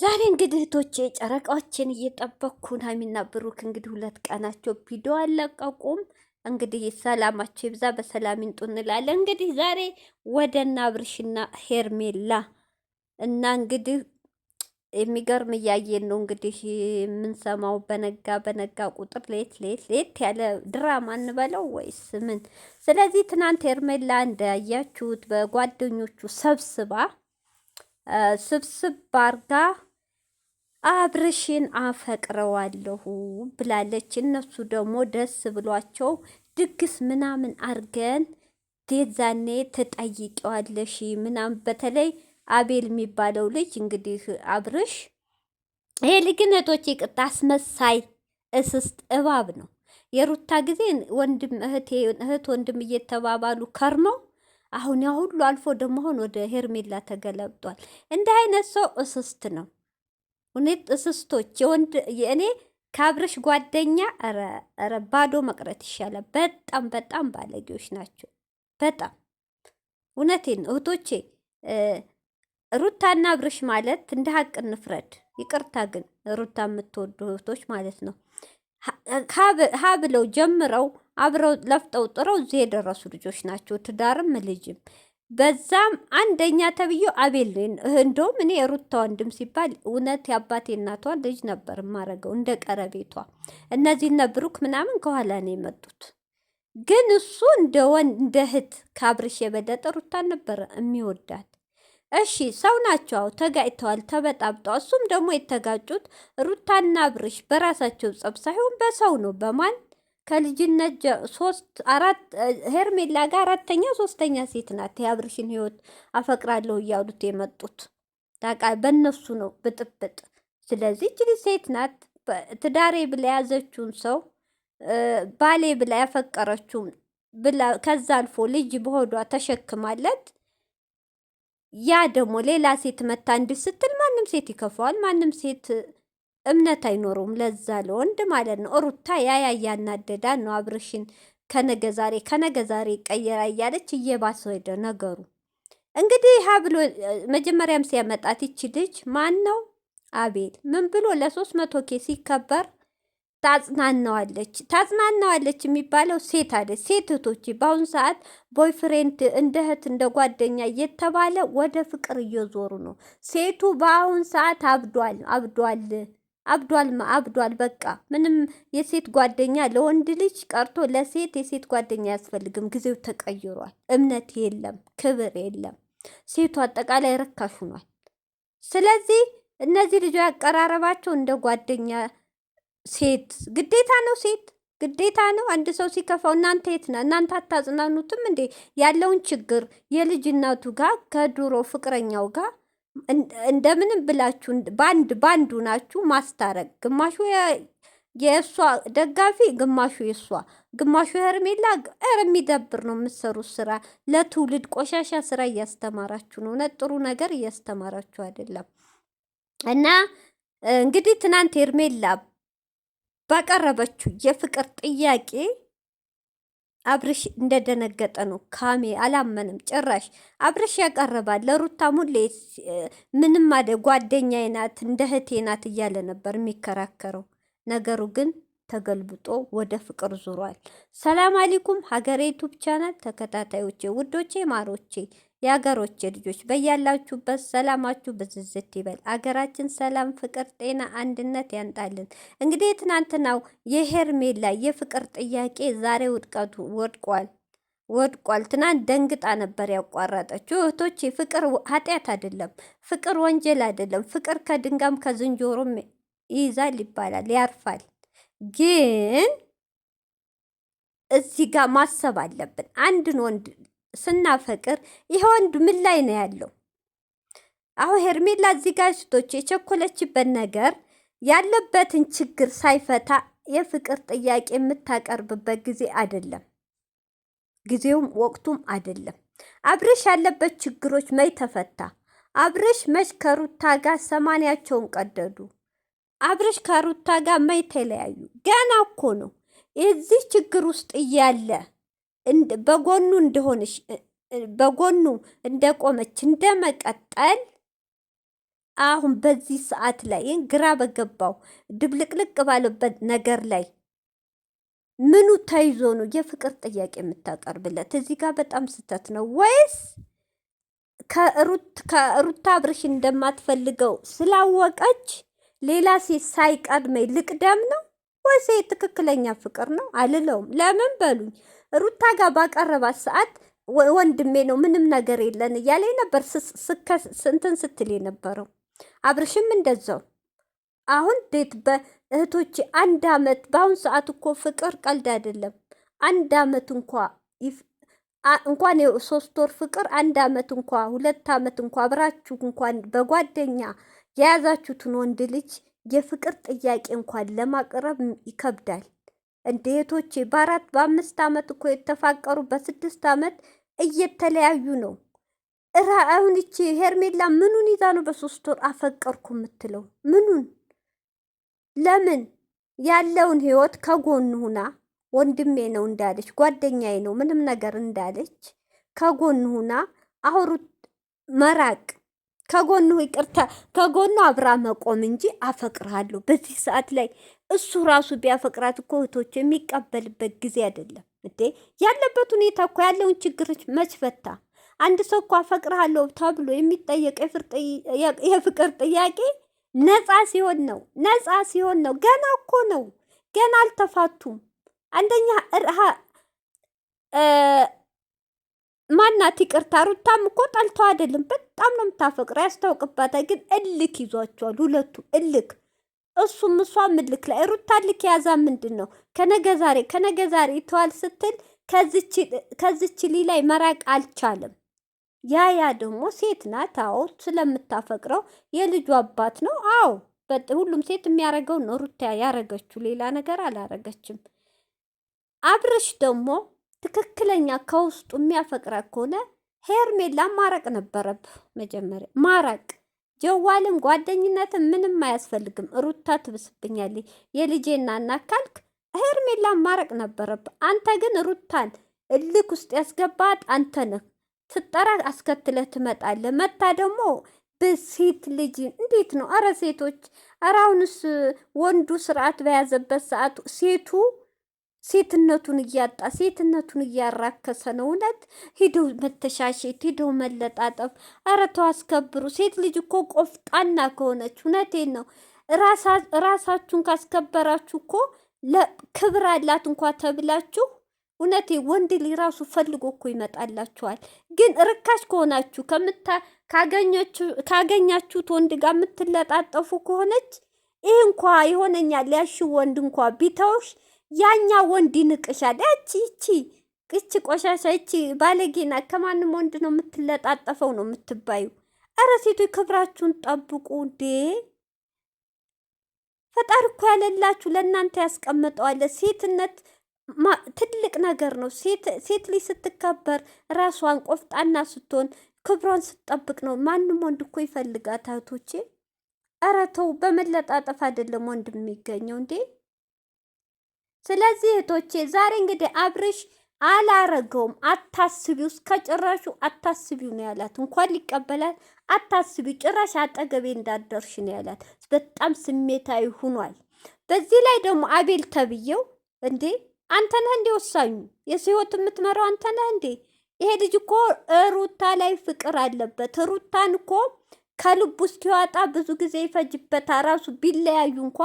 ዛሬ እንግዲህ እህቶቼ ጨረቃዎችን እየጠበቅኩን ሀይሚና ብሩክ እንግዲህ ሁለት ቀናቸው ቪዲዮ አለቀቁም። እንግዲህ ሰላማቸው ይብዛ፣ በሰላም ይንጡ እንላለን። እንግዲህ ዛሬ ወደ አብርሽና ሄርሜላ እና እንግዲህ የሚገርም እያየን ነው እንግዲህ የምንሰማው በነጋ በነጋ ቁጥር ሌት ሌት ሌት ያለ ድራማ እንበለው ወይስ ምን? ስለዚህ ትናንት ሄርሜላ እንዳያችሁት በጓደኞቹ ሰብስባ ስብስብ ባርጋ አብርሽን አፈቅረዋለሁ ብላለች። እነሱ ደግሞ ደስ ብሏቸው ድግስ ምናምን አርገን ዴዛኔ ትጠይቂዋለሽ ምናምን። በተለይ አቤል የሚባለው ልጅ እንግዲህ አብርሽ ይሄ ልግነቶች ይቅርታ አስመሳይ እስስት እባብ ነው። የሩታ ጊዜ ወንድም እህቴ እህት ወንድም እየተባባሉ ከርመው አሁን ያ ሁሉ አልፎ ደግሞ አሁን ወደ ሄርሜላ ተገለብጧል። እንደ አይነት ሰው እስስት ነው። እኔ ጥስስቶች የወንድ የእኔ ከአብርሽ ጓደኛ ረ ባዶ መቅረት ይሻላል። በጣም በጣም ባለጌዎች ናቸው። በጣም እውነቴን ነው እህቶቼ። ሩታና አብርሽ ማለት እንደ ሀቅ እንፍረድ። ይቅርታ ግን ሩታ የምትወዱ እህቶች ማለት ነው ሀ ብለው ጀምረው አብረው ለፍጠው ጥረው እዚህ የደረሱ ልጆች ናቸው። ትዳርም ልጅም በዛም አንደኛ ተብዮ አቤል ነው። እንደውም እኔ ሩታ ወንድም ሲባል እውነት የአባቴ እናቷ ልጅ ነበር የማረገው እንደ ቀረቤቷ። እነዚህነ ነብሩክ ምናምን ከኋላ ነው የመጡት። ግን እሱ እንደ ወንድ እንደ እህት ካብርሽ የበለጠ ሩታን ነበረ የሚወዳት። እሺ ሰው ናቸው፣ ተጋጭተዋል፣ ተበጣብጠዋል። እሱም ደግሞ የተጋጩት ሩታና አብርሽ በራሳቸው ጸብ ሳይሆን በሰው ነው። በማን ከልጅነት ሶስት አራት ሄርሜላ ጋር አራተኛ ሶስተኛ ሴት ናት የአብርሽን ህይወት አፈቅራለሁ እያሉት የመጡት ታቃ በእነሱ ነው ብጥብጥ። ስለዚህ ችሊ ሴት ናት ትዳሬ ብላ የያዘችውን ሰው ባሌ ብላ ያፈቀረችውን ብላ ከዛ አልፎ ልጅ በሆዷ ተሸክማለት ያ ደግሞ ሌላ ሴት መታ እንድስትል ማንም ሴት ይከፋዋል። ማንም ሴት እምነት አይኖረውም ለዛ ለወንድ ማለት ነው። ሩታ ያያ እያናደዳን ነው አብርሽን ከነገ ዛሬ ከነገ ዛሬ ቀየራ እያለች እየባሰ ሄደ ነገሩ። እንግዲህ ሀ ብሎ መጀመሪያም ሲያመጣት ይቺ ልጅ ማን ነው አቤል ምን ብሎ ለሶስት መቶ ኬ ሲከበር ታጽናናዋለች ታጽናናዋለች የሚባለው ሴት አለ። ሴት እህቶች በአሁኑ ሰዓት ቦይፍሬንድ እንደ እህት እንደ ጓደኛ እየተባለ ወደ ፍቅር እየዞሩ ነው። ሴቱ በአሁን ሰዓት አብዷል አብዷል። አብዷል አብዷል። በቃ ምንም የሴት ጓደኛ ለወንድ ልጅ ቀርቶ ለሴት የሴት ጓደኛ አያስፈልግም። ጊዜው ተቀይሯል። እምነት የለም፣ ክብር የለም። ሴቱ አጠቃላይ ርካሽ ሆኗል። ስለዚህ እነዚህ ልጆች ያቀራረባቸው እንደ ጓደኛ ሴት ግዴታ ነው፣ ሴት ግዴታ ነው። አንድ ሰው ሲከፋው እናንተ የት እናንተ አታጽናኑትም እንዴ? ያለውን ችግር የልጅነቱ ጋር ከድሮ ፍቅረኛው ጋር እንደምንም ብላችሁ ባንድ ባንዱ ናችሁ ማስታረቅ። ግማሹ የእሷ ደጋፊ፣ ግማሹ የእሷ፣ ግማሹ የሄርሜላ። ኧረ የሚደብር ነው የምትሰሩት ስራ። ለትውልድ ቆሻሻ ስራ እያስተማራችሁ ነው። ጥሩ ነገር እያስተማራችሁ አይደለም። እና እንግዲህ ትናንት ሄርሜላ ባቀረበችው የፍቅር ጥያቄ አብርሽ እንደደነገጠ ነው። ካሜ አላመንም ጭራሽ። አብርሽ ያቀረባል ለሩታ ሙሌ ምንም አደ ጓደኛዬ ናት እንደ እህቴ ናት እያለ ነበር የሚከራከረው። ነገሩ ግን ተገልብጦ ወደ ፍቅር ዙሯል። ሰላም አሊኩም ሀገሬ ዩቱብ ቻናል ተከታታዮቼ፣ ውዶቼ፣ ማሮቼ የአገሮች ልጆች በያላችሁበት ሰላማችሁ ብዝዝት ይበል። አገራችን ሰላም፣ ፍቅር፣ ጤና፣ አንድነት ያንጣልን። እንግዲህ ትናንትናው የሄርሜላ የፍቅር ጥያቄ ዛሬ ውድቀቱ ወድቋል ወድቋል። ትናንት ደንግጣ ነበር ያቋረጠችው። እህቶቼ ፍቅር ኃጢአት አይደለም፣ ፍቅር ወንጀል አይደለም። ፍቅር ከድንጋም ከዝንጀሮም ይይዛል ይባላል ያርፋል። ግን እዚህ ጋር ማሰብ አለብን አንድን ወንድ ስናፈቅር ይሄ ወንድ ምን ላይ ነው ያለው? አሁን ሄርሜላ እዚህ ስቶች የቸኮለችበት ነገር ያለበትን ችግር ሳይፈታ የፍቅር ጥያቄ የምታቀርብበት ጊዜ አይደለም፣ ጊዜውም ወቅቱም አይደለም። አብርሽ ያለበት ችግሮች መይ ተፈታ? አብርሽ መች ከሩታ ጋር ሰማንያቸውን ቀደዱ? አብረሽ ከሩታ ጋር ተለያዩ? ገና እኮ ነው። የዚህ ችግር ውስጥ እያለ በጎኑ እንደሆነች በጎኑ እንደቆመች እንደመቀጠል አሁን በዚህ ሰዓት ላይ ግራ በገባው ድብልቅልቅ ባለበት ነገር ላይ ምኑ ተይዞ ነው የፍቅር ጥያቄ የምታቀርብለት? እዚህ ጋር በጣም ስህተት ነው። ወይስ ከሩታ አብርሽ እንደማትፈልገው ስላወቀች ሌላ ሴት ሳይቀድመኝ ልቅደም ነው? ወይስ ትክክለኛ ፍቅር ነው አልለውም። ለምን በሉኝ ሩታ ጋር ባቀረባት ሰዓት ወንድሜ ነው ምንም ነገር የለን እያለ ነበር ስንትን ስትል የነበረው አብርሽም እንደዛው። አሁን ዴት በእህቶች አንድ አመት በአሁን ሰዓት እኮ ፍቅር ቀልድ አይደለም። አንድ አመት እንኳ እንኳን ሶስት ወር ፍቅር አንድ አመት እንኳ ሁለት አመት እንኳ አብራችሁ እንኳን በጓደኛ የያዛችሁትን ወንድ ልጅ የፍቅር ጥያቄ እንኳን ለማቅረብ ይከብዳል። እንዴቶቼ በአራት በአምስት ዓመት እኮ የተፋቀሩ በስድስት ዓመት እየተለያዩ ነው። እራ አሁን ይቺ ሄርሜላ ምኑን ይዛ ነው በሶስት ወር አፈቀርኩ የምትለው? ምኑን ለምን ያለውን ህይወት ከጎን ሁና ወንድሜ ነው እንዳለች ጓደኛዬ ነው ምንም ነገር እንዳለች ከጎን ሁና አውሩት መራቅ ከጎኑ ይቅርታ ከጎኑ አብራ መቆም እንጂ አፈቅርሃለሁ በዚህ ሰዓት ላይ እሱ ራሱ ቢያፈቅራት እኮ እህቶች የሚቀበልበት ጊዜ አይደለም እንዴ። ያለበት ሁኔታ እኮ ያለውን ችግሮች መች ፈታ። አንድ ሰው እኮ አፈቅርሃለሁ ተብሎ የሚጠየቅ የፍቅር ጥያቄ ነፃ ሲሆን ነው። ነፃ ሲሆን ነው። ገና እኮ ነው። ገና አልተፋቱም። አንደኛ ማናት ይቅርታ፣ ሩታም እኮ ጠልተው አይደለም። በጣም ነው የምታፈቅረው፣ ያስታውቅባታል። ግን እልክ ይዟቸዋል ሁለቱ እልክ እሱም እሷም ምልክ ላይ ሩታ ልክ የያዛ ምንድን ነው ከነገ ዛሬ ከነገ ዛሬ ይተዋል ስትል ከዚች ሊ ላይ መራቅ አልቻለም። ያ ያ ደግሞ ሴት ናት። አዎ ስለምታፈቅረው የልጁ አባት ነው። አዎ ሁሉም ሴት የሚያረገው ነው። ሩታ ያረገችው ሌላ ነገር አላረገችም። አብርሽ ደግሞ ትክክለኛ ከውስጡ የሚያፈቅረ ከሆነ ሄርሜላ ማረቅ ነበረብህ መጀመሪያ ማረቅ ጀዋልም ጓደኝነትን ምንም አያስፈልግም። ሩታ ትብስብኛለች የልጄና እናት ካልክ ሄርሜላን ማረቅ ነበረብህ። አንተ ግን ሩታን እልክ ውስጥ ያስገባት አንተ ነህ። ትጠራ አስከትለህ ትመጣለህ። መታ ደግሞ በሴት ልጅ እንዴት ነው? አረ ሴቶች፣ አረ አሁንስ ወንዱ ስርዓት በያዘበት ሰዓት ሴቱ ሴትነቱን እያጣ ሴትነቱን እያራከሰ ነው። እውነት ሂደው መተሻሸት፣ ሂደው መለጣጠፍ። ኧረ ተው አስከብሩ። ሴት ልጅ እኮ ቆፍጣና ከሆነች እውነቴን ነው። ራሳችሁን ካስከበራችሁ እኮ ክብር አላት እንኳ ተብላችሁ እውነቴ ወንድ ልጅ ራሱ ፈልጎ እኮ ይመጣላችኋል። ግን ርካሽ ከሆናችሁ ካገኛችሁት ወንድ ጋር የምትለጣጠፉ ከሆነች ይህ እንኳ የሆነኛ ሊያሽ ወንድ እንኳ ቢተውሽ ያኛ ወንድ ይንቅሻል። እቺ እቺ እቺ ቆሻሻ እቺ ባለጌና ከማንም ወንድ ነው የምትለጣጠፈው ነው የምትባዩ። እረ ሴቶች ክብራችሁን ጠብቁ እንዴ! ፈጣሪ እኮ ያለላችሁ ለእናንተ ያስቀምጠዋለ። ሴትነት ትልቅ ነገር ነው። ሴት ልጅ ስትከበር ራሷን ቆፍጣና ስትሆን ክብሯን ስትጠብቅ ነው ማንም ወንድ እኮ ይፈልጋት። እህቶቼ፣ እረ ተው፣ በመለጣጠፍ አይደለም ወንድ የሚገኘው እንዴ! ስለዚህ እህቶቼ ዛሬ እንግዲህ አብርሽ አላረገውም አታስቢው፣ እስከ ጭራሹ አታስቢው ነው ያላት። እንኳን ሊቀበላት አታስቢው፣ ጭራሽ አጠገቤ እንዳደርሽ ነው ያላት። በጣም ስሜታዊ ሁኗል። በዚህ ላይ ደግሞ አቤል ተብዬው እንዴ አንተ ነህ እንዴ ወሳኙ? የሰው ህይወት የምትመራው አንተ ነህ እንዴ? ይሄ ልጅ እኮ ሩታ ላይ ፍቅር አለበት። ሩታን እኮ ከልቡ እስኪወጣ ብዙ ጊዜ ይፈጅበታል። ራሱ ቢለያዩ እንኳ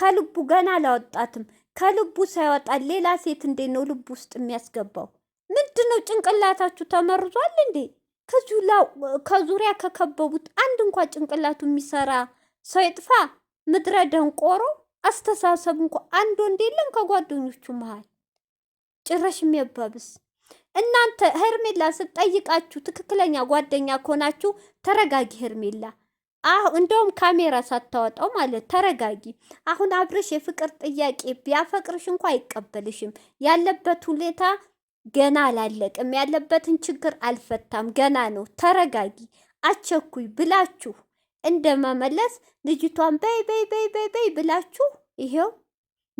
ከልቡ ገና አላወጣትም። ከልቡ ሳይወጣ ሌላ ሴት እንዴ ነው ልቡ ውስጥ የሚያስገባው? ምንድን ነው ጭንቅላታችሁ ተመርዟል እንዴ? ከዙሪያ ከከበቡት አንድ እንኳ ጭንቅላቱ የሚሰራ ሰው ይጥፋ። ምድረ ደንቆሮ አስተሳሰብ እንኳ አንድ ወንድ የለም ከጓደኞቹ መሃል ጭራሽ የሚያባብስ እናንተ ሄርሜላ ስትጠይቃችሁ ትክክለኛ ጓደኛ ከሆናችሁ ተረጋጊ ሄርሜላ አሁን እንደውም ካሜራ ሳታወጣው ማለት ተረጋጊ። አሁን አብርሽ የፍቅር ጥያቄ ቢያፈቅርሽ እንኳ አይቀበልሽም። ያለበት ሁኔታ ገና አላለቅም። ያለበትን ችግር አልፈታም፣ ገና ነው። ተረጋጊ፣ አቸኩይ ብላችሁ እንደመመለስ ልጅቷን በይ በይ በይ በይ በይ ብላችሁ ይሄው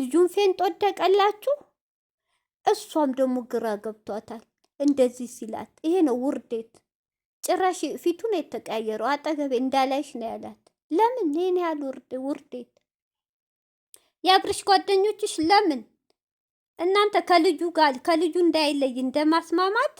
ልጁን ፌንጦ ወደቀላችሁ። እሷም ደግሞ ግራ ገብቷታል። እንደዚህ ሲላት ይሄ ነው ውርዴት። ጭራሽ ፊቱ ነው የተቀያየረው። አጠገቤ እንዳላይሽ ነው ያላት። ለምን ይህን ያህል ውርድ ውርዴት የአብርሽ ጓደኞችሽ ለምን እናንተ ከልጁ ጋር ከልጁ እንዳይለይ እንደማስማማት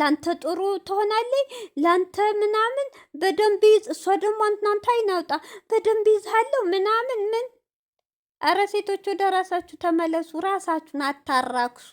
ላንተ ጥሩ ትሆናለች፣ ላንተ ምናምን በደንብ ይዝ እሷ ደግሞ እናንተ አይናውጣ በደንብ ይዝሃለሁ ምናምን ምን። ኧረ ሴቶች ወደ ራሳችሁ ተመለሱ፣ ራሳችሁን አታራክሱ።